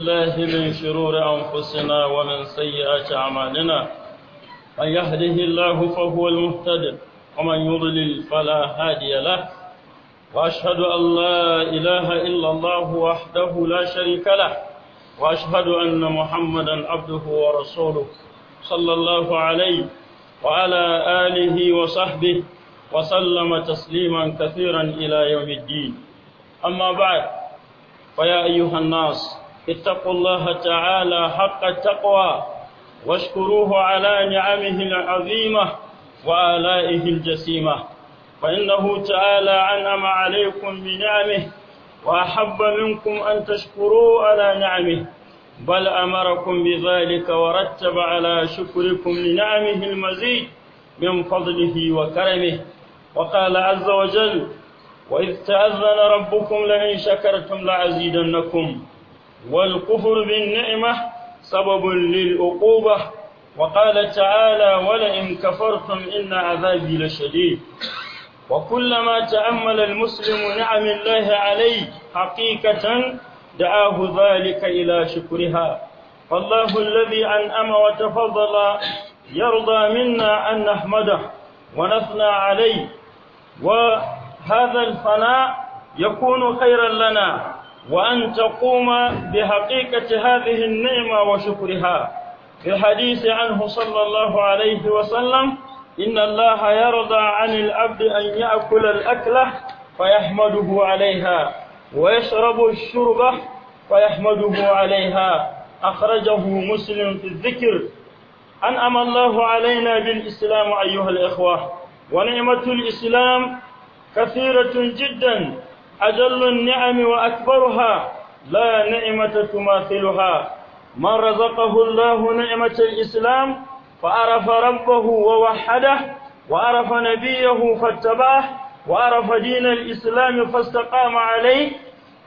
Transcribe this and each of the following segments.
الله من شرور أنفسنا ومن سيئات أعمالنا من يهده الله فهو المهتد ومن يضلل فلا هادي له وأشهد أن لا إله إلا الله وحده لا شريك له وأشهد أن محمدا عبده ورسوله صلى الله عليه وعلى آله وصحبه وسلم تسليما كثيرا إلى يوم الدين أما بعد فيا أيها الناس اتقوا الله تعالى حق التقوى واشكروه على نعمه العظيمة وآلائه الجسيمة فإنه تعالى أنعم عليكم بنعمه وأحب منكم أن تشكروا على نعمه بل أمركم بذلك ورتب على شكركم لنعمه المزيد من فضله وكرمه وقال عز وجل وإذ تأذن ربكم لئن شكرتم لأزيدنكم والكفر بالنعمة سبب للعقوبة وقال تعالى ولئن كفرتم إن عذابي لشديد وكلما تأمل المسلم نعم الله عليه حقيقة دعاه ذلك إلى شكرها فالله الذي أنأم وتفضل يرضى منا أن نحمده ونثنى عليه وهذا الفناء يكون خيرا لنا وأن تقوم بحقيقة هذه النعمة وشكرها في الحديث عنه صلى الله عليه وسلم إن الله يرضى عن العبد أن يأكل الأكلة فيحمده عليها ويشرب الشربة فيحمده عليها أخرجه مسلم في الذكر أنعم الله علينا بالإسلام أيها الإخوة ونعمة الإسلام كثيرة جداً أجل النعم وأكبرها لا نعمة تماثلها من رزقه الله نعمة الإسلام فعرف ربه ووحده وعرف نبيه فاتبعه وعرف دين الإسلام فاستقام عليه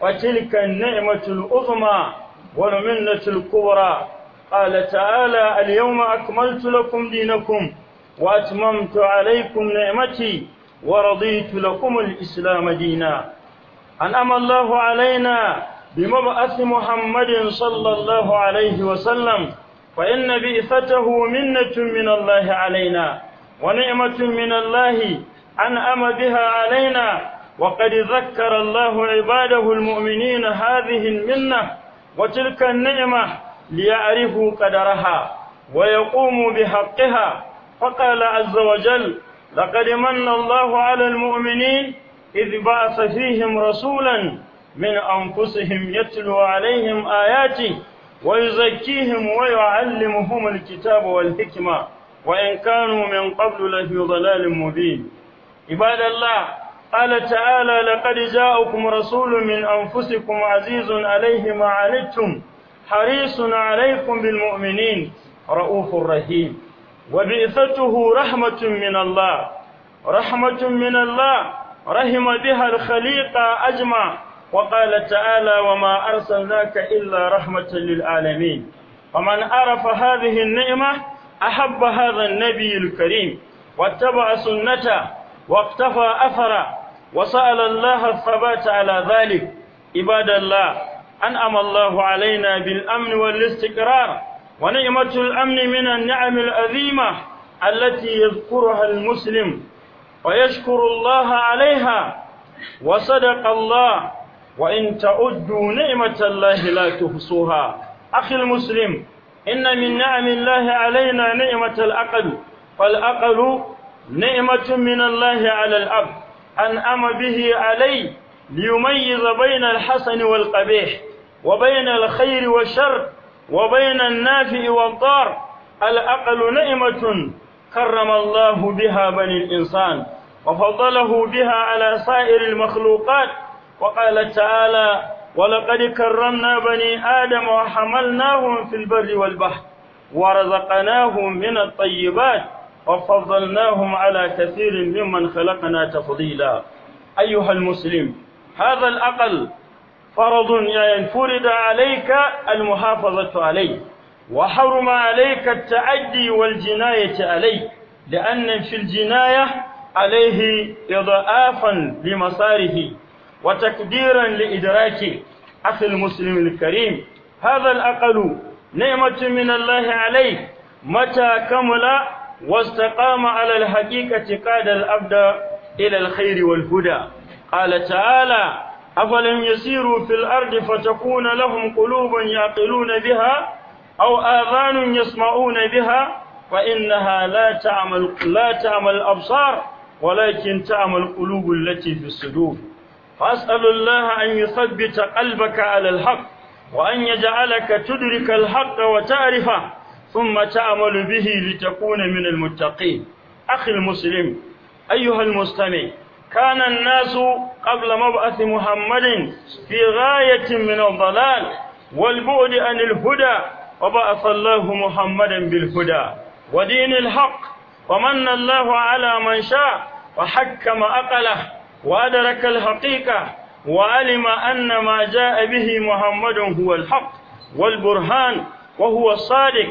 وتلك النعمة العظمى والمنة الكبرى قال تعالى اليوم أكملت لكم دينكم وأتممت عليكم نعمتي ورضيت لكم الإسلام دينا أنعم الله علينا بمبعث محمد صلى الله عليه وسلم فإن بئثته منة من الله علينا ونعمة من الله أنعم بها علينا وقد ذكر الله عباده المؤمنين هذه المنة وتلك النعمة ليعرفوا قدرها ويقوموا بحقها فقال عز وجل لقد من الله على المؤمنين إذ بعث فيهم رسولا من أنفسهم يتلو عليهم آياته ويزكيهم ويعلمهم الكتاب والحكمة وإن كانوا من قبل لفي ضلال مبين عباد الله قال تعالى لقد جاءكم رسول من أنفسكم عزيز عليه ما عنتم حريص عليكم بالمؤمنين رؤوف رحيم وبعثته رحمة من الله رحمة من الله رحم بها الخليق أجمع وقال تعالى وما أرسلناك إلا رحمة للعالمين ومن عرف هذه النعمة أحب هذا النبي الكريم واتبع سنته واقتفى أثره وسأل الله الثبات على ذلك عباد الله أنعم الله علينا بالأمن والاستقرار ونعمة الأمن من النعم العظيمة التي يذكرها المسلم ويشكر الله عليها وصدق الله وإن تعدوا نعمة الله لا تحصوها أخي المسلم إن من نعم الله علينا نعمة العقل فالعقل نعمة من الله على الأب أنعم به عليه ليميز بين الحسن والقبيح وبين الخير والشر وبين النافع والضار العقل نعمة كرم الله بها بني الإنسان وفضله بها على سائر المخلوقات وقال تعالى ولقد كرمنا بني آدم وحملناهم في البر والبحر ورزقناهم من الطيبات وفضلناهم على كثير ممن خلقنا تفضيلا أيها المسلم هذا الأقل فرض ينفرد عليك المحافظة عليه وحرم عليك التعدي والجناية عليه لأن في الجناية عليه إضعافا لمصاره وتقديرا لإدراكه أخي المسلم الكريم هذا الأقل نعمة من الله عليه متى كمل واستقام على الحقيقة قاد الأبد إلى الخير والهدى قال تعالى أفلم يسيروا في الأرض فتكون لهم قلوب يعقلون بها أو آذان يسمعون بها فإنها لا تعمل لا تعمل الأبصار ولكن تعمل القلوب التي في الصدور فأسأل الله أن يثبت قلبك على الحق وأن يجعلك تدرك الحق وتعرفه ثم تعمل به لتكون من المتقين أخي المسلم أيها المستمع كان الناس قبل مبعث محمد في غاية من الضلال والبعد عن الهدى وبعث الله محمدا بالهدى ودين الحق ومن الله على من شاء وحكم أقله وأدرك الحقيقة وعلم أن ما جاء به محمد هو الحق والبرهان وهو الصادق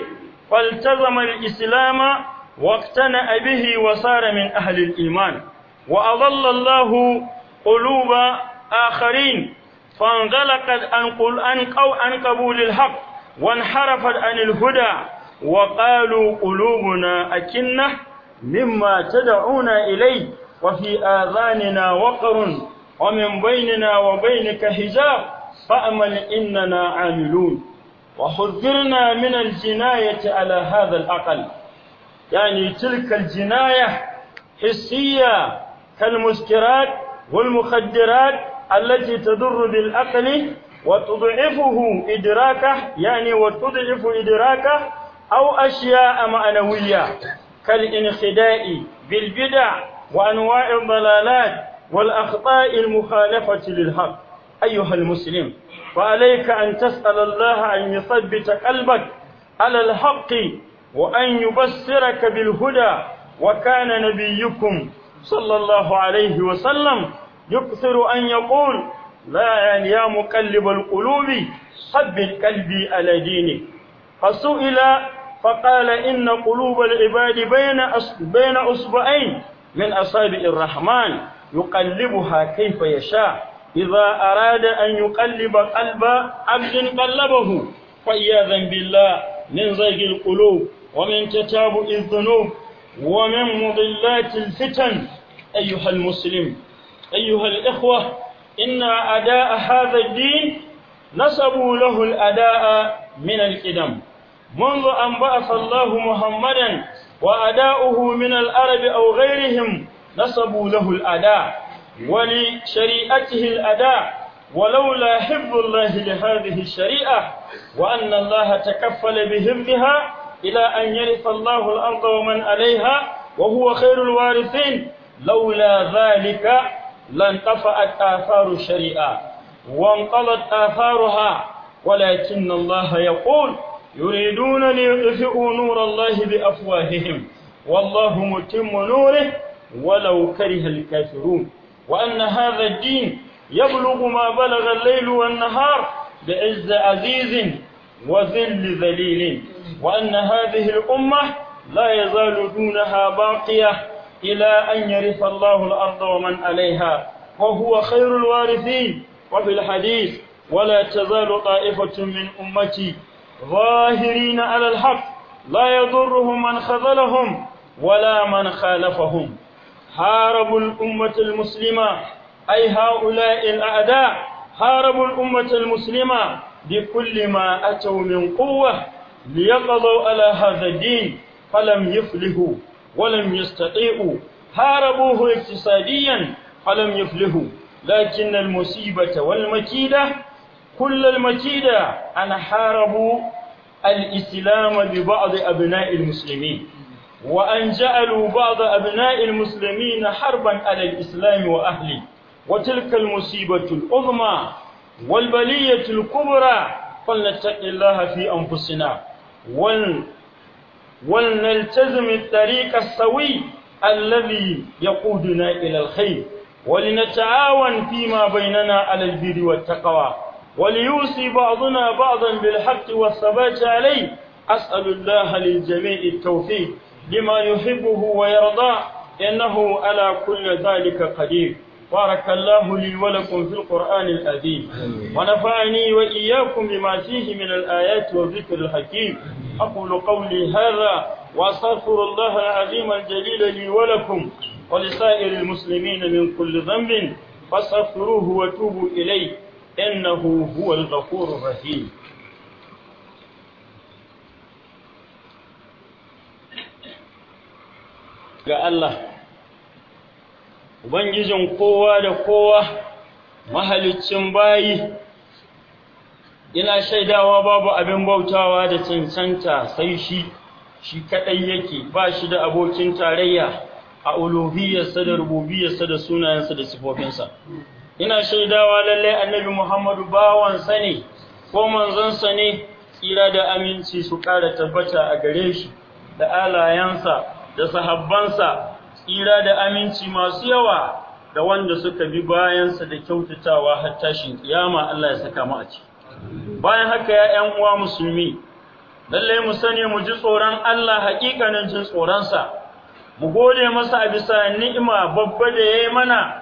فالتزم الإسلام واقتنع به وصار من أهل الإيمان وأضل الله قلوب آخرين فانغلقت عن قبول الحق وانحرفت عن الهدى وقالوا قلوبنا أكنة مما تدعونا إليه وفي آذاننا وقر ومن بيننا وبينك حجاب فأمل إننا عاملون وحذرنا من الجناية على هذا الأقل يعني تلك الجناية حسية كالمسكرات والمخدرات التي تضر بالأقل وتضعفه إدراكه يعني وتضعف إدراكه أو أشياء معنوية كالانخداء بالبدع وأنواع الضلالات والأخطاء المخالفة للحق أيها المسلم فعليك أن تسأل الله أن يثبت قلبك على الحق وأن يبصرك بالهدى وكان نبيكم صلى الله عليه وسلم يكثر أن يقول لا أن يا مقلب القلوب ثبت قلبي على دينك فسئل فقال إن قلوب العباد بين بين أصبعين من أصابع الرحمن يقلبها كيف يشاء إذا أراد أن يقلب قلب عبد قلبه فإياذا بالله من زيغ القلوب ومن تتابع الذنوب ومن مضلات الفتن أيها المسلم أيها الإخوة إن أداء هذا الدين نسبوا له الأداء من القدم منذ أن بعث الله محمدا وأداؤه من العرب أو غيرهم نسبوا له الأداء ولشريعته الأداء ولولا حفظ الله لهذه الشريعة وأن الله تكفل بحفظها إلى أن يرث الله الأرض ومن عليها وهو خير الوارثين لولا ذلك lan tafa'at atharu shari'a wa anqalat atharuha walakin Allah ya yuriduna li yudhfi'u nur Allah bi afwahihim wallahu mutimmu nurihi walau kariha al kafirun wa anna hadha ad din yablughu ma balagha al laylu wan nahar da 'izz 'azizin wa dhill dhalilin wa anna hadhihi al ummah la yazalu dunaha baqiyah إلى أن يرث الله الأرض ومن عليها وهو خير الوارثين وفي الحديث ولا تزال طائفة من أمتي ظاهرين على الحق لا يضرهم من خذلهم ولا من خالفهم هاربوا الأمة المسلمة أي هؤلاء الأعداء هاربوا الأمة المسلمة بكل ما أتوا من قوة ليقضوا على هذا الدين فلم يفلحوا ولم يستطيعوا حاربوه اقتصاديا فلم يفلحوا لكن المصيبة والمكيدة كل المكيدة أن حاربوا الإسلام ببعض أبناء المسلمين وأن جعلوا بعض أبناء المسلمين حربا على الإسلام وأهله وتلك المصيبة العظمى والبلية الكبرى فلنتق الله في أنفسنا ول ولنلتزم الطريق السوي الذي يقودنا إلى الخير ولنتعاون فيما بيننا على البر والتقوى وليوصي بعضنا بعضا بالحق والثبات عليه أسأل الله للجميع التوفيق لما يحبه ويرضاه إنه على كل ذلك قدير بارك الله لي ولكم في القرآن العظيم ونفعني وإياكم بما فيه من الآيات والذكر الحكيم أقول قولي هذا وأستغفر الله العظيم الجليل لي ولكم ولسائر المسلمين من كل ذنب فاستغفروه وتوبوا إليه إنه هو الغفور الرحيم قال الله ubangijin kowa da kowa mahalicin bayi ina shaidawa babu abin bautawa da cancanta sai shi shi kadai yake ba shi da abokin tarayya a uluhiyarsa da rububiyarsa da sunayensa da sifofinsa ina shaidawa lalle annabi Muhammadu bawansa ne ko manzansa ne tsira da aminci su ƙara tabbata a gare shi da alayensa da sahabbansa tsira da aminci masu yawa da wanda suka bi bayansa da kyautatawa har tashin kiyama Allah ya saka mu a ciki bayan haka ya ƴan uwa musulmi lallai mu sani mu ji tsoron Allah haƙiƙanin jin tsoronsa mu gode masa a bisa ni'ima babba da yayi mana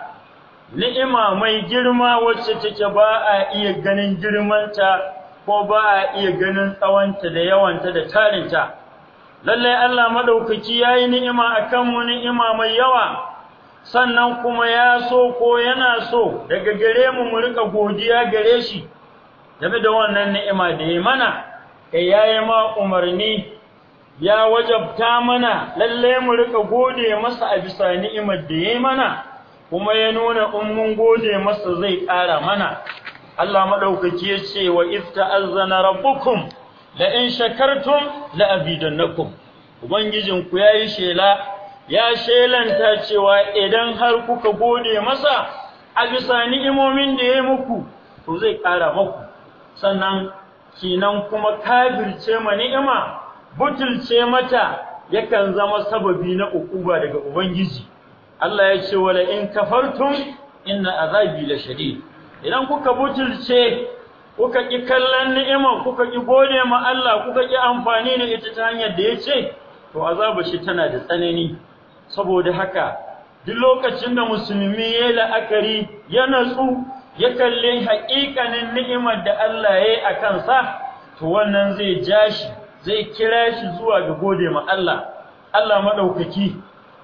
ni'ima mai girma wacce take ba a iya ganin girmanta ko ba a iya ganin tsawonta da yawanta da tarinta lallai Allah madaukaki yayi ni'ima akan mu ni'ima mai yawa sannan kuma ya so ko yana so daga gare mu mu rika godiya gare shi game da wannan ni'ima da ya mana kai yayi ma umarni ya wajabta mana lallai mu rika gode masa a bisa ni'imar da ya mana kuma ya nuna in mun gode masa zai ƙara mana Allah madaukaki ya ce wa ifta ifta'azzana rabbukum la'in shakartum la'abidannakum ubangijinku ya yi shela ya shelanta cewa idan har kuka gode masa a bisa ni'imomin da ya yi muku to zai ƙara muku sannan kinan kuma kafirce ma ni'ima butulce mata yakan zama sababi na ukuba daga ubangiji Allah ya ce wala in kafartum inna azabi la shadid idan kuka butulce kuka ƙi kallon ni'imar kuka ƙi gode ma Allah kuka ƙi amfani da ita ta hanyar da ya ce to azabar shi tana da tsanani saboda haka duk lokacin da musulmi ya la'akari ya natsu ya kalli haƙiƙanin ni'imar da Allah ya yi a kansa to wannan zai ja shi zai kira shi zuwa ga gode ma Allah Allah maɗaukaki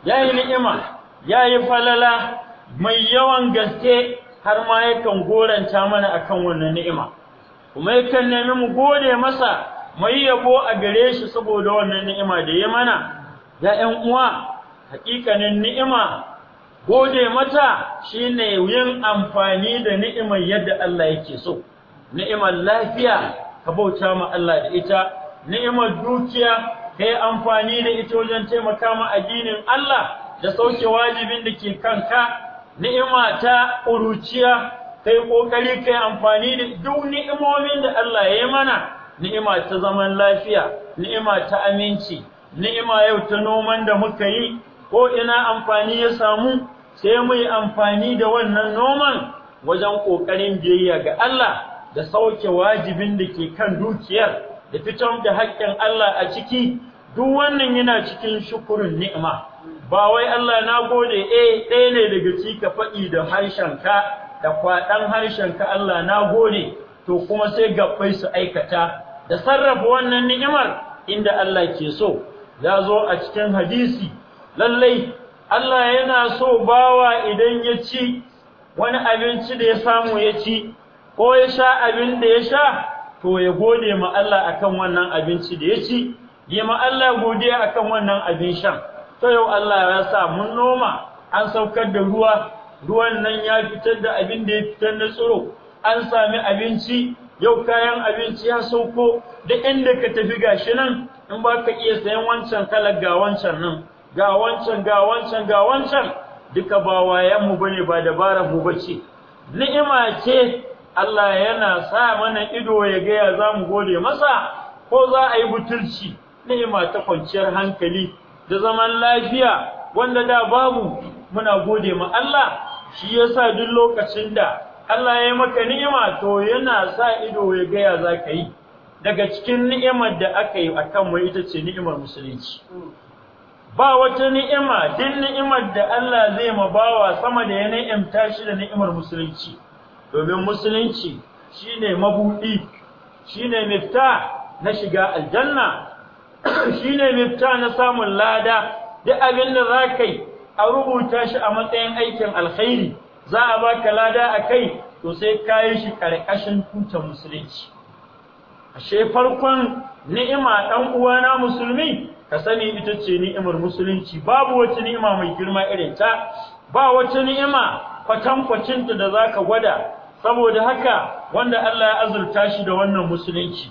ya yi ni'ima ya yi falala mai yawan gaske har ma yakan goranta mana akan wannan ni'ima kuma yakan nemi mu gode masa mu yi yabo a gare shi saboda wannan ni'ima da ya mana ya ƴan uwa hakikanin ni'ima gode mata shine yin amfani da ni'imar yadda Allah yake so ni'imar lafiya ka bauta ma Allah da ita ni'imar dukiya ka yi amfani da ita wajen taimaka ma addinin Allah da sauke wajibin da ke kanka ni'ima ta ƙuruciya kai kokari kai amfani da duk ni'imomin da Allah ya yi mana ni'ima ta zaman lafiya ni'ima ta aminci ni'ima yau ta noman da muka yi ko ina amfani ya samu sai mu yi amfani da wannan noman wajen ƙoƙarin biyayya ga Allah da sauke wajibin da ke kan dukiyar da fitar da haƙƙin Allah a ciki duk wannan yana cikin shukurin ni'ima ba wai Allah na gode eh ɗaya ne daga ci faɗi da harshen ka da kwaɗan ka Allah na gode to kuma sai gabbai su aikata da sarrafa wannan ni'imar inda Allah ke so ya zo a cikin hadisi lallai Allah yana so bawa idan ya ci wani abinci da ya samu ya ci ko ya sha abin da ya sha to ya gode ma Allah akan wannan abinci da ya ci yi ma Allah gode akan wannan abin shan to yau Allah ya sa mun noma an saukar da ruwa ruwan nan ya fitar da abin da ya fitar na tsoro. an sami abinci yau kayan abinci ya sauko da inda ka tafi gashi nan in ba ka iya sayan wancan kalar ga wancan nan ga wancan ga wancan ga wancan duka ba wayan mu bane ba dabara. mu bace ni'ima ce Allah yana sa mana ido ya ga ya zamu gode masa ko za a yi butulci ni'ima ta kwanciyar hankali da zaman lafiya wanda da babu muna gode ma Allah shi ya sa duk lokacin da Allah ya maka ni'ima to yana sa ido ya gaya za ka yi daga cikin ni'imar da aka yi a kanmu ita ce ni'imar musulunci ba wata ni'ima din ni'imar da Allah zai ma bawa sama da ya ni'imta shi da ni'imar musulunci domin musulunci shine mabuɗi shine mifta na shiga aljanna shine mifta na samun lada duk abin da za ka yi a rubuta shi a matsayin aikin alkhairi za a baka lada a kai to sai kayi shi ƙarƙashin tutar musulunci ashe farkon ni'ima ɗan uwana musulmi ka sani ita ce ni'imar musulunci babu wata ni'ima mai girma irin ta ba wata ni'ima ta da zaka gwada saboda haka wanda Allah ya azurta shi da wannan musulunci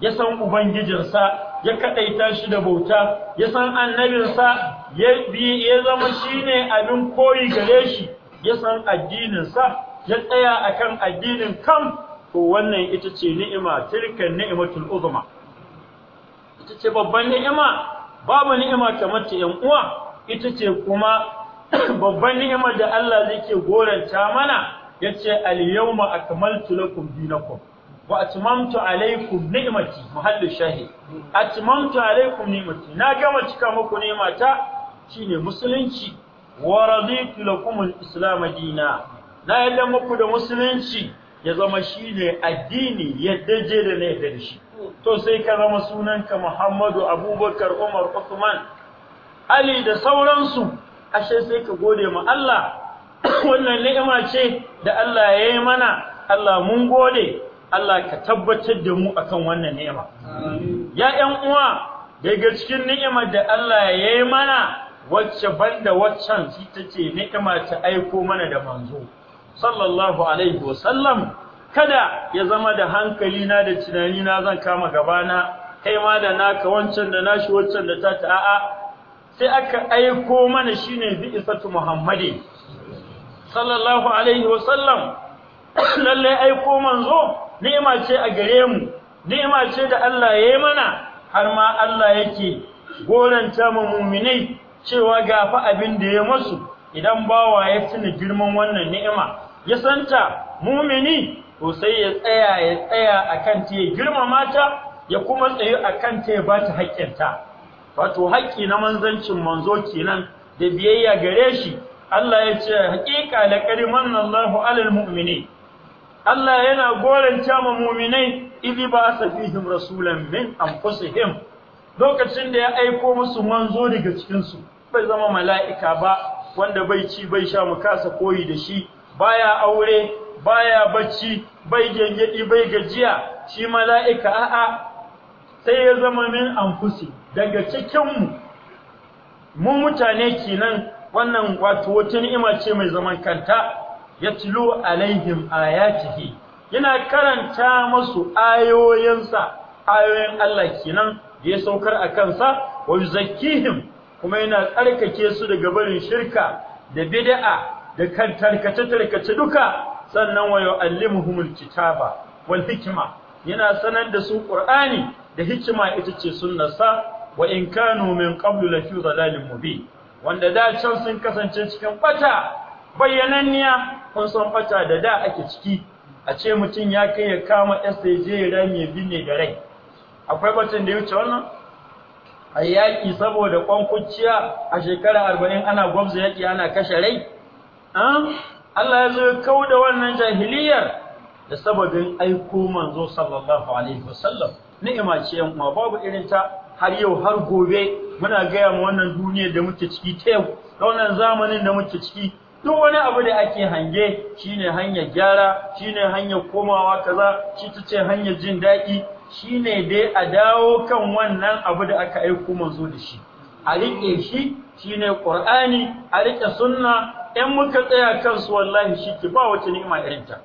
ya san ubangijinsa ya kadaita shi da bauta ya san annabinsa ya bi ya zama shine abin koyi gare shi ya san addininsa ya tsaya a kan addinin kan, to wannan ita ce ni'ima tilkan ni'matul uzma ita ce babban ni'ima babu ni'ima kamar ta yan uwa ita ce kuma babban ni'imar da Allah zai ke goranta mana yace al yawma akmaltu lakum dinakum wa atmamtu alaikum ni'mati muhallu shahid atmamtu alaikum ni'mati na gama cika muku ni'mata shine musulunci wa raditu lakum al dina na yadda muku da musulunci ya zama shine addini yadda je da ne da shi to sai ka zama sunanka Muhammadu Abubakar Umar usman Ali da sauransu ashe sai ka gode ma Allah wannan ni'ima ce da Allah ya yi mana Allah mun gode Allah ka tabbatar da mu akan wannan ni'ima ya yan uwa daga cikin ni'imar da Allah ya yi mana wacce banda waccan ita ce ni'ima ta aiko mana da manzo sallallahu alaihi wasallam kada ya zama da hankali na da tunani na zan kama gaba na kai ma da naka wancan da nashi wancan da ta ta a'a sai aka aiko mana shine bi'isatu muhammadin. sallallahu alaihi wasallam lalle aiko manzo ni'ima ce a gare mu ni'ima ce da Allah ya yi mana har ma Allah yake goranta mu mu'minai cewa ga abin da ya masu idan bawa ya tuna girman wannan ni'ima ya santa mu'mini to sai ya tsaya ya tsaya akan ta ya girmama ta ya kuma tsaye akan ta ya ba ta haƙƙinta wato haƙƙi na manzancin manzo kenan da biyayya gare shi Allah ya ce haƙiƙa laqad manna Allahu alal mu'minin Allah yana goranta ma muminai idhi ba safihim rasulan min anfusihim lokacin da ya aiko musu manzo daga cikin su bai zama mala'ika ba wanda bai ci bai sha mu kasa koyi da shi baya aure baya bacci bai gengedi bai gajiya shi mala'ika a'a sai ya zama min anfusi daga cikinmu mu mutane kenan wannan wato wata ni'ima ce mai zaman kanta yatlu alaihim ayatihi yana karanta musu ayoyinsa ayoyin Allah kenan da ya saukar a kansa wa yuzakkihim kuma yana tsarkake su daga barin shirka da bid'a da kan tarkace tarkace duka sannan wa yu'allimuhumul kitaba wal hikma yana sanar da su qur'ani da hikima ita ce sunnarsa wa in kanu min qablu lafi dhalalin mubin wanda da can sun kasance cikin bata bayyananniya kun san fata da da ake ciki a ce mutum ya kai ya kama SJ ya je ya rami binne da rai akwai batun da ya wuce wannan a yaƙi saboda kwankuciya a shekara arba'in ana gwamza yaƙi ana kashe rai Allah ya zo ya kau da wannan jahiliyar da sababin aiko manzo sallallahu alaihi wasallam ni'ima ce yan babu irin ta har yau har gobe muna gaya mu wannan duniyar da muke ciki ta yau da wannan zamanin da muke ciki duk wani abu da ake hange shine hanyar gyara shine hanyar komawa kaza shi tace hanyar jin daɗi shine dai a dawo kan wannan abu da aka aiko manzo da shi a riƙe shi shine qur'ani a riƙe sunna in muka tsaya kansu wallahi shi ke ba wata ni'ima irinta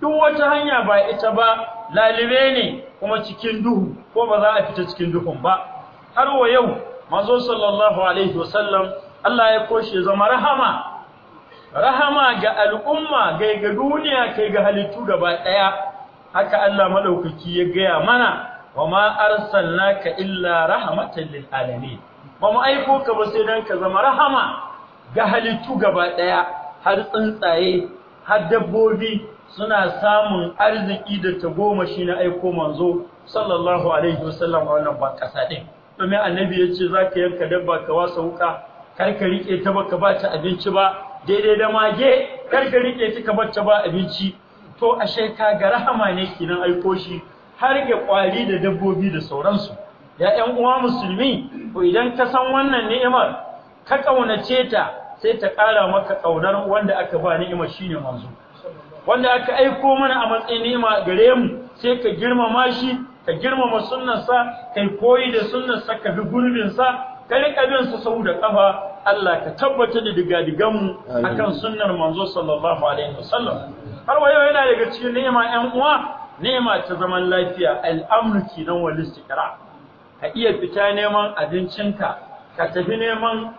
duk wata hanya ba ita ba lalibe ne kuma cikin duhu ko ba za a fita cikin duhun ba har wa yau manzo sallallahu alaihi wasallam Allah ya koshe zama rahama rahama ga al'umma ga ga duniya kai ga halittu gaba ɗaya haka Allah madaukaki ya gaya mana wa ma arsalnaka illa rahmatan lil alamin ba mu aiko ka ba sai dan ka zama rahama ga halittu gaba ɗaya har tsuntsaye har dabbobi suna samun arziki da tagomashi na aiko manzo sallallahu alaihi wasallam a wannan ba kasa din domin annabi ya ce za ka yanka dabba ka wasa wuka kar ka riƙe ta ba ka ba ta abinci ba daidai da mage kar ka rike kamar ta ba abinci to ashe ka ga rahama ne kinan aiko shi har ga kwari da dabbobi da sauransu ya ƴan uwa musulmi ko idan ka san wannan ni'imar ka kaunace ta sai ta ƙara maka ƙaunar wanda aka ba ni'imar shine manzo wanda aka aiko mana a matsayin ni'ima gare mu sai ka girmama shi ka girmama sunnarsa kai koyi da sunnarsa ka bi gurbinsa ka rika bin su sau da kafa Allah ka tabbatar da a akan sunnar manzo sallallahu alaihi wasallam har wayo yana daga cikin ni'ima ƴan uwa ni'ima ta zaman lafiya al'amnu kinan wal istiqra ka iya fita neman abincinka ka tafi neman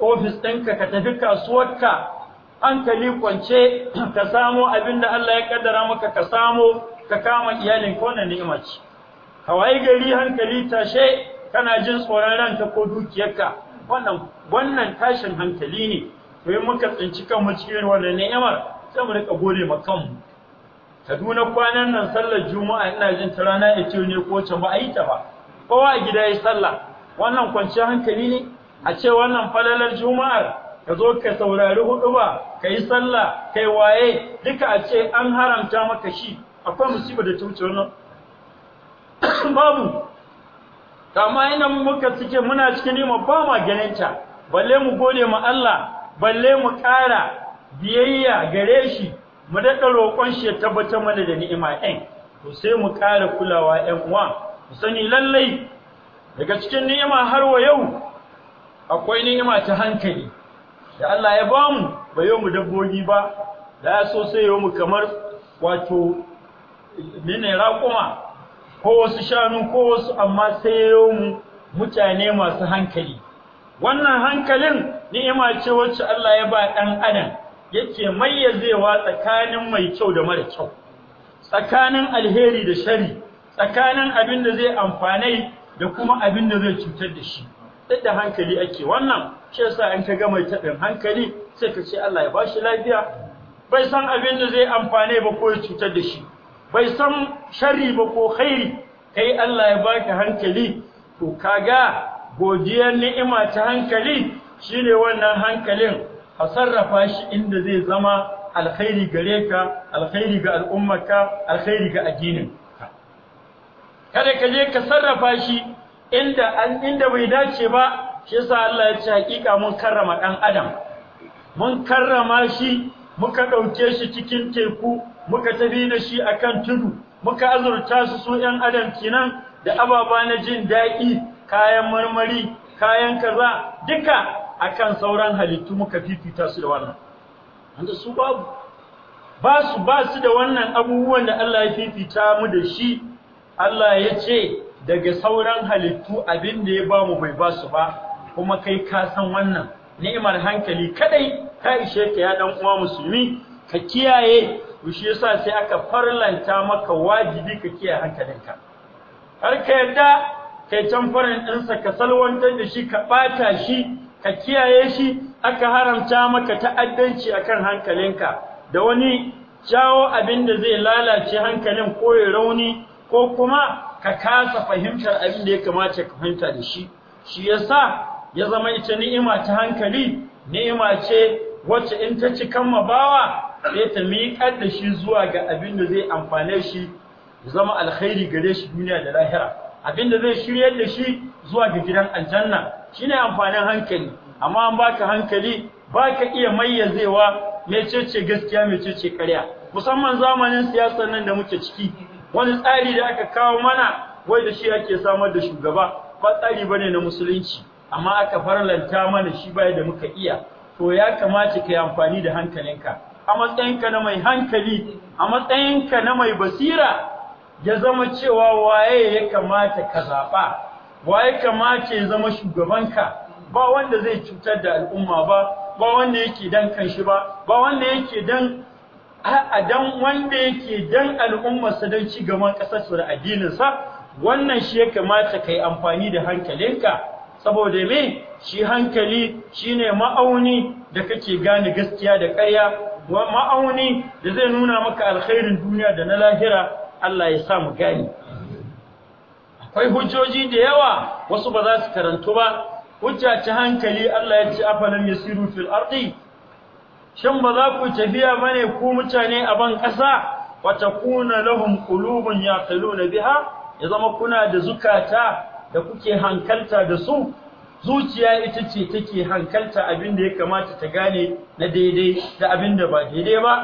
ofis ɗinka ka tafi kasuwarka hankali kwance ka samo abin da Allah ya kaddara maka ka samo ka kama iyalin ko na ni'ima ce ka wayi gari hankali tashe kana jin tsoron ranka ko dukiyarka wannan wannan tashin hankali ne to in muka tsinci kanmu cikin wannan ni'imar sai mu rika gode ma kanmu Kaduna kwanan nan sallar Juma'a ina jin ta rana ya ce ne ko can ba a yi ta ba kowa a gida ya sallah wannan kwanciyar hankali ne a ce wannan falalar Juma'ar ka zo ka saurari hudu ba ka yi sallah kai waye duka a ce an haramta maka shi akwai musibar da ta wuce wannan babu amma ina muka cike muna cikin nima ba ma ganinta balle mu gode ma Allah balle mu ƙara biyayya gare shi mu daɗa roƙon shi ya tabbatar mana da ni'ima ɗin to sai mu ƙara kulawa ɗan uwa mu sani lallai daga cikin ni'ima har wa yau akwai ni'ima ta hankali da Allah ya bamu ba yau mu dabbobi ba da ya so sai yau mu kamar wato mene raƙuma ko wasu shanu ko wasu amma sai mu mutane masu hankali wannan hankalin ni'ima ce wacce Allah ya ba ɗan adam yake mayyazewa tsakanin mai kyau da mara kyau tsakanin alheri da shari tsakanin abin da zai amfane da kuma abin da zai cutar da shi duk da hankali ake wannan shi yasa an ka gama taɓin hankali sai ka ce Allah ya ba shi lafiya bai san abin da zai amfane ba ko ya cutar da shi bai san sharri ba ko khairi kai Allah ya baka hankali to kaga godiyar ni'ima ta hankali shine wannan hankalin a sarrafa shi inda zai zama alkhairi gare ka alkhairi ga al'ummarka alkhairi ga addinin kada ka je ka sarrafa shi inda inda bai dace ba shi yasa Allah ya ci hakika mun karrama dan adam mun karrama shi muka dauke shi cikin teku muka tafi da shi akan tudu muka azurta su su ‘yan adam kinan da ababa na jin daƙi, kayan marmari kayan kaza duka akan sauran halittu muka fifita su da wannan wanda su babu ba su ba su da wannan abubuwan da Allah ya fifita mu da shi Allah ya ce daga sauran halittu abin da ya bamu bai ba su ba kuma kai ka san wannan ni'imar hankali kaɗai, ka ishe ka ya dan uwa musulmi ka kiyaye to shi yasa sai aka farlanta maka wajibi ka kiyaye hankalinka har ka yadda kai can farin ɗinsa ka salwantar da shi ka ɓata shi ka kiyaye shi aka haramta maka ta'addanci akan hankalinka da wani jawo abin da zai lalace hankalin ko ya rauni ko kuma ka kasa fahimtar abin da ya kamata ka fahimta da shi shi yasa ya zama ita ni'ima ta hankali ni'ima ce wacce in ta cikan mabawa sai ta miƙar da shi zuwa ga abin da zai amfane shi zama alkhairi gare shi duniya da lahira abin da zai shiryar da shi zuwa ga gidan aljanna shine amfanin hankali amma an baka hankali baka iya mayyazewa mecece gaskiya mecece ƙarya musamman zamanin siyasar nan da muke ciki wani tsari da aka kawo mana wai da shi ake samar da shugaba ba tsari bane na musulunci amma aka farlanta mana shi baya da muka iya to ya kamata ka yi amfani da hankalinka a matsayinka na mai hankali a matsayinka na mai basira ya zama cewa waye ya kamata ka zaɓa waye kamata ya zama shugabanka ba wanda zai cutar da al'umma ba ba wanda yake dan kanshi ba ba wanda yake dan a wanda yake dan al'ummarsa don ci gaban ƙasarsa da addininsa wannan shi ya kamata ka yi amfani da hankalinka saboda me shi hankali shine ma'auni da kake gane gaskiya da ƙarya ma'auni da zai nuna maka alkhairin duniya da na lahira Allah ya sa mu gani akwai hujjoji da yawa wasu ba za su karantu ba hujja ta hankali Allah ya ci afalam yasiru fil ardi shin ba za ku tafiya bane ku mutane a ban ƙasa wa takuna lahum qulubun yaqiluna biha ya zama kuna da zukata da kuke hankalta da su zuciya ita ce take hankalta abin da ya kamata ta gane na daidai da abin da ba daidai ba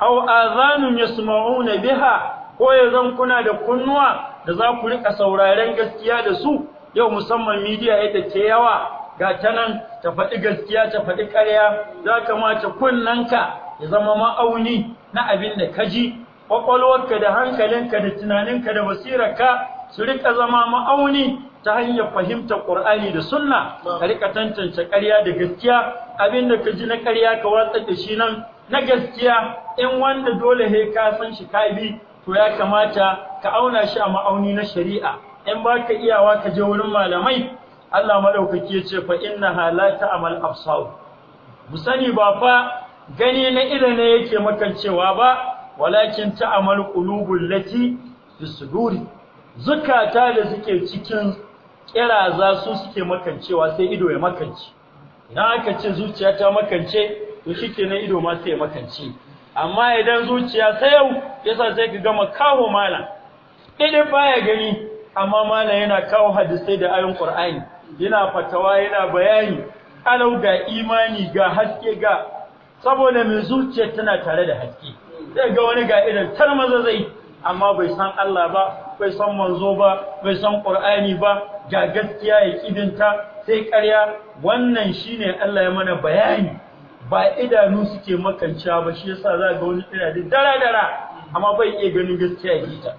aw azanun yasma'una biha ko yanzu kuna da kunnuwa da za ku rika sauraren gaskiya da su yau musamman media ita ce yawa ga ta nan ta faɗi gaskiya ta faɗi ƙarya za ka mace kunnanka ya zama ma'auni na abin da ka ji ƙwaƙwalwarka da hankalinka da tunaninka da basirarka su rika zama ma'auni ta hanyar fahimtar Ƙur'ani da Sunna ka rika tantance ƙarya da gaskiya abin da ka ji na ƙarya ka watsa da shi nan na gaskiya in wanda dole he ka san shi ka bi to ya kamata ka auna shi a ma'auni na shari'a in ba ka iyawa ka je wurin malamai Allah madaukaki ya ce fa inna halata amal absar mu sani ba fa gani na ido ne yake makancewa ba walakin ta amal qulubul lati bisuduri zukata da suke cikin za su suke makancewa sai ido ya makance idan aka ce zuciya ta makance to shikenan ido ma sai ya makance amma idan zuciya sai yau yasa sai ka gama kawo malam. idan baya gani amma malam yana kawo hadisai da ayon Qur'ani yana fatawa yana bayani alau ga imani ga haske ga saboda mai zuciya tana tare da haske sai ga wani ga idan tarmaza zai amma bai san Allah ba bai san manzo ba bai san Ƙur'ani ba ga gaskiya ya kidinta sai ƙarya wannan shine Allah ya mana bayani ba idanu suke makanciya ba shi yasa za ga wani ina da dara dara amma bai iya ganin gaskiya ya kita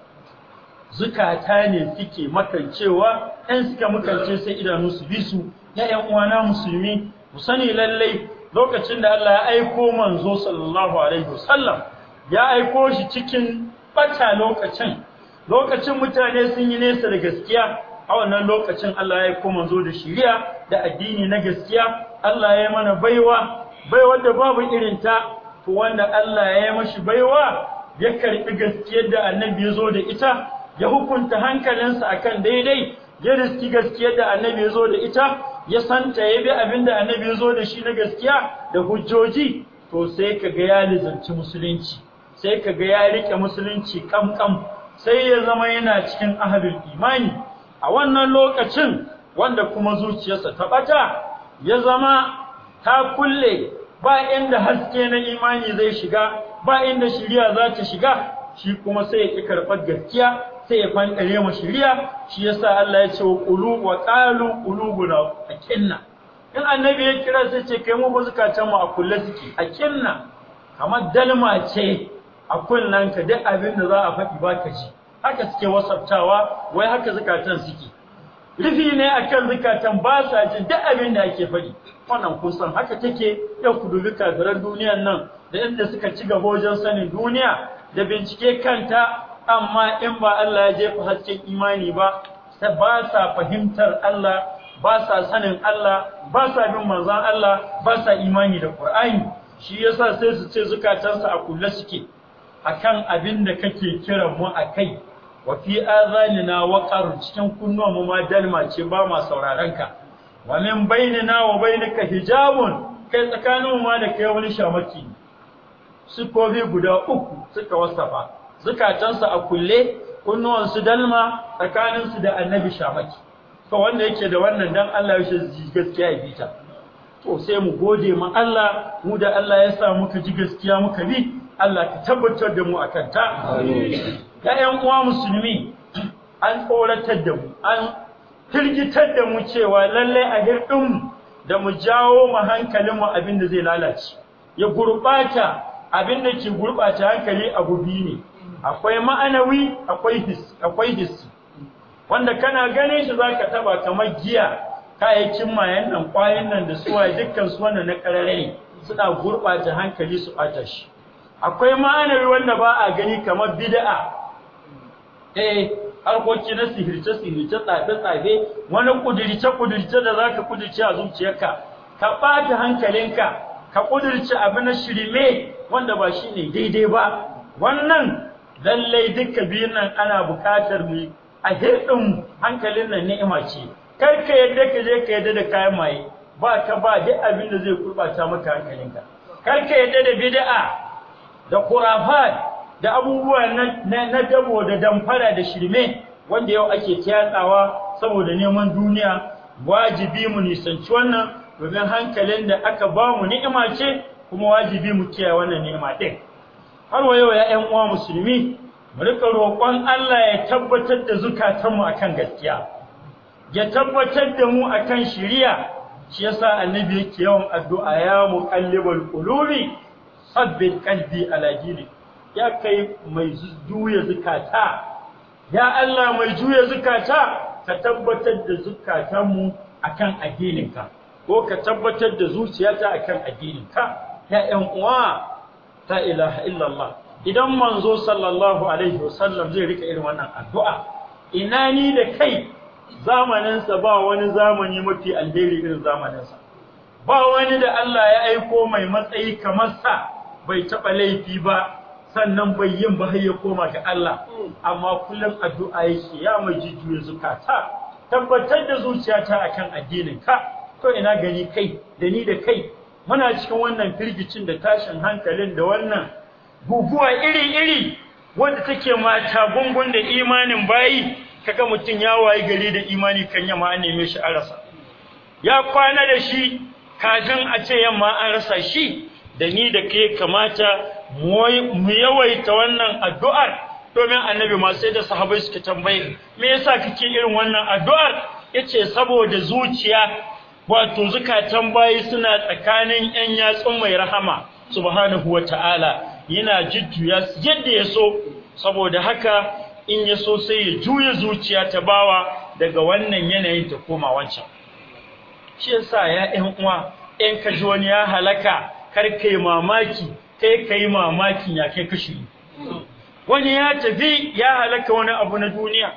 zukata ne suke makancewa ɗan suka makance sai idanu su bi su ya ‘yan uwana musulmi mu sani lallai lokacin da Allah ya aiko manzo sallallahu alaihi wasallam ya aiko shi cikin bata lokacin lokacin mutane sun yi nesa da gaskiya a wannan lokacin Allah ya kuma zo da shiriya da addini na gaskiya Allah ya mana baiwa baiwar da babu irin ta to wanda Allah ya yi mashi baiwa ya karɓi gaskiyar da annabi ya zo da ita ya hukunta hankalinsa akan daidai ya riski gaskiyar da annabi ya zo da ita ya santa ya bi abin da annabi ya zo da shi na gaskiya da hujjoji to sai ka ga ya lizanci musulunci sai ka ga ya rike musulunci kamkam sai ya zama yana cikin ahlul imani a wannan lokacin wanda kuma zuciyarsa ta ɓata, ya zama ta kulle ba inda haske na imani zai shiga ba inda shiriya za ta shiga shi kuma sai ya ki karɓar gaskiya sai ya fankare mu shiriya shi yasa Allah ya ce wa wa qalu qulubuna akinna in annabi ya kira sai ce kai mu ba zukatan mu a kulle suke akinna kamar dalma ce a kunnen ka duk abin da za a faɗi ba ka ji haka suke wasaftawa wai haka zukatan suke rufi ne akan zukatan ba sa jin duk abin da ake faɗi wannan kusan haka take yau ku dubi kafiran duniyan nan da inda suka ci gaba wajen sanin duniya da bincike kanta amma in ba Allah ya jefa hasken imani ba ba sa fahimtar Allah ba sa sanin Allah ba sa bin manzon Allah ba sa imani da Qur'ani shi yasa sai su ce zukatansa a kulle suke akan abin da kake kiran mu akai wa fi azanina waqar cikin kunnuwan mu ma dalma ce ba ma sauraron ka wa min bainina wa bainaka hijabun kai tsakanin mu da kai wani shamaki kofi guda uku suka wasafa zukatansu a kulle kunnuwansu dalma tsakaninsu da annabi shamaki to wanda yake da wannan dan Allah ya shi gaskiya ya bita to sai mu gode ma Allah mu da Allah ya sa muka ji gaskiya muka bi Allah ka tabbatar da mu a kanta uwa musulmi an tsoratar da mu an firgitar da mu cewa lallai a hirɗin da mu jawo mu hankalinmu abin da zai lalace ya gurɓata abin da ke gurɓata hankali a gubi ne akwai ma'anawi akwai his wanda kana ganin shi zaka taba kamar giya kayayyakin mayan nan kwayoyin nan da suwa dukkan su wannan na karare suna gurɓata hankali su ɓata shi akwai ma'anar wanda ba a gani kamar bid'a eh harkoki na sihirce sihirce tsafe tsafe wani kudirce kudirce da za ka kudirce a zuciyarka ka ɓata hankalinka ka kudirce abu na shirme wanda ba shi ne daidai ba wannan lallai duka biyun nan ana bukatar mu a hirɗin hankalin nan ni'ima ce kar ka yadda ka je ka yadda da kayan maye ba ka ba duk abin da zai kurbata maka hankalinka kar ka yadda da bid'a da kurafat da abubuwa na dabo da damfara da shirme wanda yau ake tiyatsawa saboda neman duniya wajibi mu nisanci wannan domin hankalin da aka ba mu ni'ima ce kuma wajibi mu kiyaye wannan ni'ima din har wa yau ya ƴan uwa musulmi mu rika roƙon Allah ya tabbatar da zukatanmu akan gaskiya ya tabbatar da mu akan shiriya shi yasa annabi yake yawan addu'a ya mu muqallibal qulubi sabbin kalbi ala ya kai mai juya zukata ya Allah mai juya zukata ka tabbatar da zukatanmu akan addininka ko ka tabbatar da zuciyata akan addininka ya ƴan uwa ta ilaha illallah idan manzo sallallahu alaihi wasallam zai rika irin wannan addu'a ina ni da kai zamaninsa ba wani zamani mafi alheri irin zamaninsa ba wani da Allah ya aiko mai matsayi kamar sa bai taɓa laifi ba sannan bai yin ba har ya koma ga Allah amma kullum addu'a yake ya mai jijjuye zukata tabbatar da zuciyata akan addinin ka to ina gani kai da ni da kai muna cikin wannan firgicin da tashin hankalin da wannan guguwa iri-iri wanda take mata gungun da imanin bayi kaga mutum ya wayi gari da imani kan yamma an neme shi an rasa ya kwana da shi kafin a ce yamma an rasa shi da ni da ke kamata mu yawaita wannan addu'ar domin annabi ma sai da sahabbai suka tambaye me yasa kake irin wannan addu'ar yace saboda zuciya wato zukatan bayi suna tsakanin yan yatsun mai rahama subhanahu wataala yana jujjuya yadda ya so saboda haka in ya so sai ya juya zuciya ta bawa daga wannan yanayin ta koma wancan shi yasa ya uwa ƴan kaji wani ya halaka kar yi mamaki kai yi mamakin ya kai kashi wani ya tafi ya halaka wani abu na duniya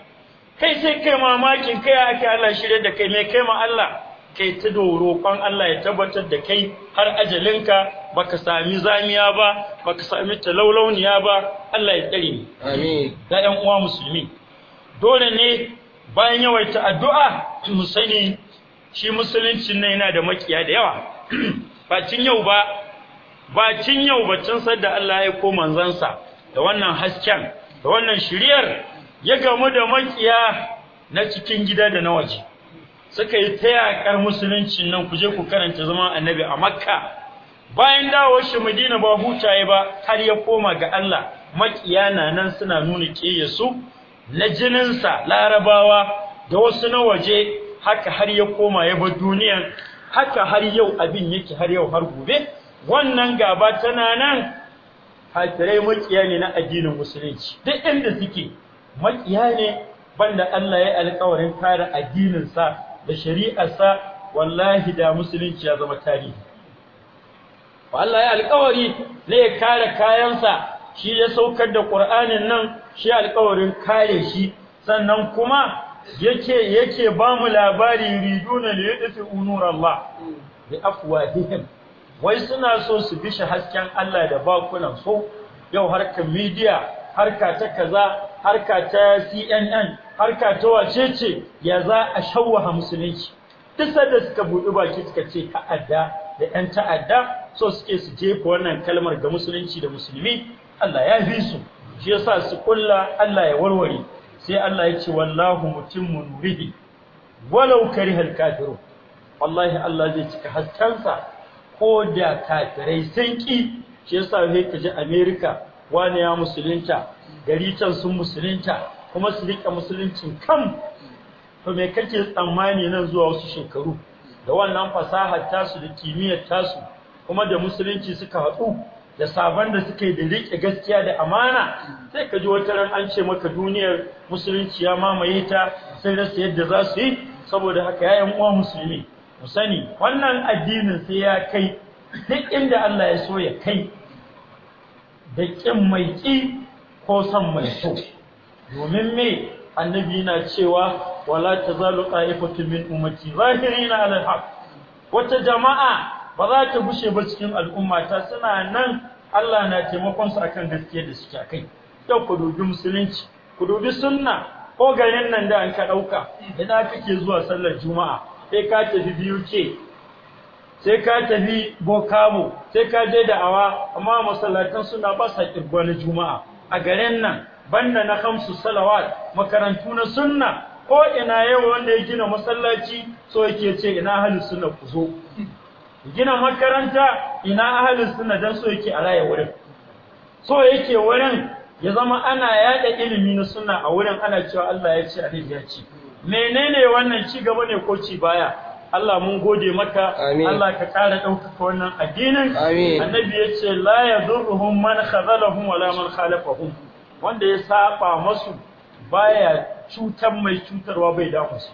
kai sai kai mamakin kai ake Allah shirya da kai mai kai ma Allah kai ta doro kwan Allah ya tabbatar da kai har ajalinka baka sami zamiya ba baka sami talaulauniya ba Allah ya tsare ni amin da uwa musulmi dole ne bayan yawaita addu'a mu sani shi musulunci ne yana da makiya da yawa cin yau ba Ba cin yau bacin da Allah ya ko manzansa da wannan hasken da wannan shiriyar ya gamu da makiya na cikin gida da na waje suka yi ta yakar musuluncin nan ku je ku karanta zaman annabi a makka bayan dawo shi madina ba hutaye ba har ya koma ga Allah makiya na nan suna nuna ƙeyasu na jininsa larabawa da wasu na waje haka har ya koma ya bar duniyan haka har yau abin yake har yau har gobe wannan gaba tana nan kafirai makiya ne na addinin musulunci duk inda suke makiya ne banda Allah ya alƙawarin kare addinin sa da shari'ar sa wallahi da musulunci ya zama tarihi Allah ya alƙawari ne ya kare kayansa shi ya saukar da Qur'anin nan shi alƙawarin kare shi sannan kuma yake yake ba mu labari riduna li yudfi unur Allah bi afwahihim wai suna so su bi shi hasken Allah da bakunan so? yau harkar media harka ta kaza harka ta CNN harka ta wacece ya za a shawwaha musulunci duk da suka buɗe baki suka ce ta'adda da 'yan ta'adda so suke su jefa wannan kalmar ga musulunci da musulmi Allah ya fi su shi yasa su kulla Allah ya warware sai Allah ya ce wallahu mutimmu nurihi walau karihal kafirun wallahi Allah zai cika haskensa ko da kafirai sun ƙi shi yasa sai ka ji Amerika, wani ya musulunta gari can sun musulunta kuma su rika musuluncin kan? to me kake tsammani nan zuwa wasu shekaru da wannan fasahar tasu da kimiyyar tasu kuma da musulunci suka haɗu da sabon da suke da riƙe gaskiya da amana sai ka ji wata ran an ce maka duniyar musulunci ya mamaye ta sai rasa yadda za su yi saboda haka yayan uwa musulmi ku sani wannan addinin sai ya kai duk inda Allah ya so ya kai da ƙin mai ƙi ko son mai so domin me annabi na cewa wala tazalu qa'ifatu min ummati zahirina 'ala na wata jama'a ba za ta bushe ba cikin al'umma ta suna nan Allah na taimakon su akan gaskiya da suke kai. yau ku dubi musulunci ku dubi sunna ko garin nan da an ka dauka idan kake zuwa sallar juma'a sai ka tafi biyu ce sai ka tafi bokamu sai ka je da awa amma masallatan suna ba sa na juma'a a garin nan banna na hamsu salawat makarantu na sunna ko ina yau wanda ya gina masallaci so yake ce ina ahli sunna ku zo gina makaranta ina ahli sunna dan so yake alaya wurin so yake wurin ya zama ana yada ilimi na sunna a wurin ana cewa Allah ya ce alif ya ce menene wannan ci gaba ne ko ci baya Allah mun gode maka Allah ka ƙara ɗaukaka wannan addinin annabi ya ce la yadurruhum man khazalahum wala man khalafahum wanda ya saba masu baya cutar mai cutarwa bai damu su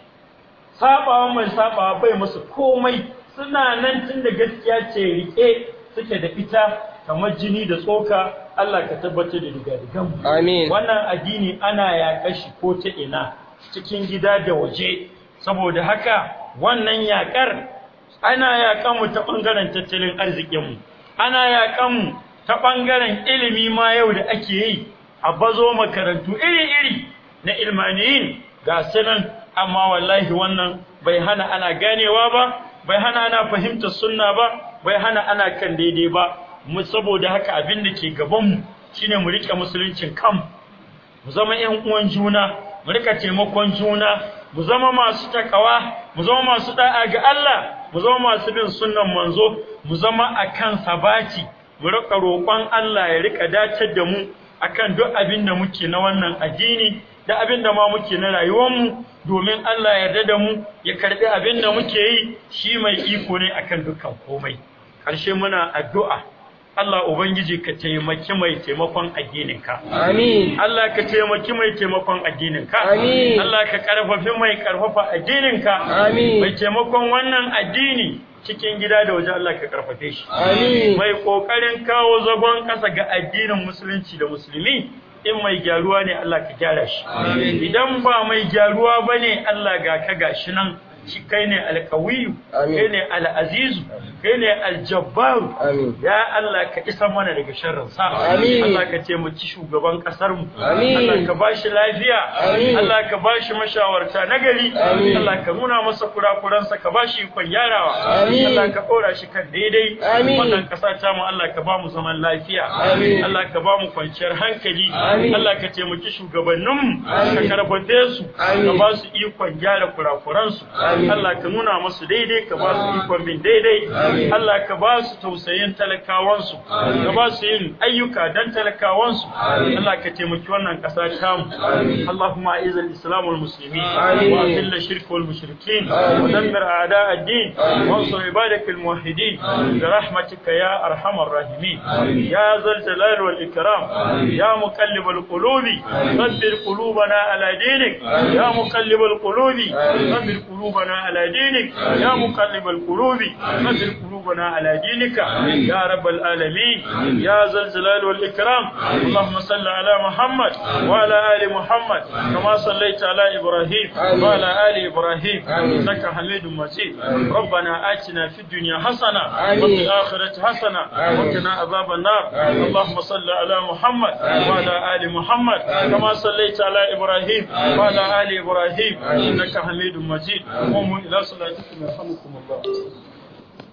mai saba bai musu komai suna nan tun da gaskiya ce rike suke da ita kamar jini da tsoka Allah ka tabbatar da digadigan amin wannan addini ana yaƙashi shi ko ta ina cikin gida da waje saboda haka wannan yaƙar ana yakan mu ta bangaren tattalin arzikinmu. ana yakan mu ta bangaren ilimi ma yau da ake yi a bazo makarantu iri-iri na ilmaniyin ga sanan amma wallahi wannan bai hana ana ganewa ba bai hana ana fahimtar sunna ba bai hana ana kan daidai ba mu saboda haka abin da ke gaban mu shine mu rike musuluncin kan mu zama ƴan uwan juna mu rika taimakon juna mu zama masu takawa mu zama masu da'a ga Allah mu zama masu bin sunnan manzo mu zama akan sabati mu rika roƙon Allah ya rika dacar da mu akan duk abin da muke na wannan addini da abin da ma muke na rayuwar domin Allah ya yarda da mu ya karbi abin da muke yi shi mai iko ne akan dukkan komai ƙarshe muna addu'a Allah Ubangiji ka taimaki mai taimakon addininka. Amin. Allah ka taimaki mai taimakon addininka. Allah ka karfafi mai karfafa addininka. Mai taimakon wannan addini cikin gida da waje Allah ka karfafe shi. Mai kokarin kawo zagon ƙasa ga addinin musulunci da musulmi in mai gyaruwa ne Allah ka gyara shi. Idan ba mai gyaruwa ne Allah ga ka gashi nan. shi kai ne alkawiyu kai ne al'azizu kai ne aljabbaru ya Allah ka isa mana daga sharrin sa Allah ka taimaki shugaban kasar mu Allah ka bashi lafiya Allah ka bashi mashawarta nagari Allah ka nuna masa sa ka bashi ikon yarawa Allah ka ɗora shi kan daidai wannan kasa ta mu Allah ka ba mu zaman lafiya Allah ka ba mu kwanciyar hankali Allah ka taimaki shugabanninmu ka karfafe su ka ba su ikon gyara kurakuransu Allah ka nuna masu daidai ka ba su ikon bin daidai Allah ka ba su tausayin talakawansu ka ba su yin ayyuka dan talakawansu Allah ka taimaki wannan ƙasa tamu Allahumma a'izal islam wal muslimin wa azil shirk wal mushrikin wa dammir a'da ad-din wa ansur ibadak al muwahhidin bi rahmatika ya arhamar rahimin ya zal jalal wal ikram ya muqallib al qulubi thabbit qulubana ala dinik ya muqallib al qulubi thabbit qulubana قلوبنا على دينك يا مقلب القلوب ثبت قلوبنا على دينك يا رب العالمين يا ذا الجلال والإكرام اللهم صل على محمد وعلى آل محمد كما صليت على إبراهيم وعلى آل إبراهيم إنك حميد مجيد ربنا آتنا في الدنيا حسنة وفي الآخرة حسنة وقنا عذاب النار اللهم صل على محمد وعلى آل محمد كما صليت على إبراهيم وعلى آل إبراهيم إنك حميد مجيد قوم إلى صلاتكم يرحمكم الله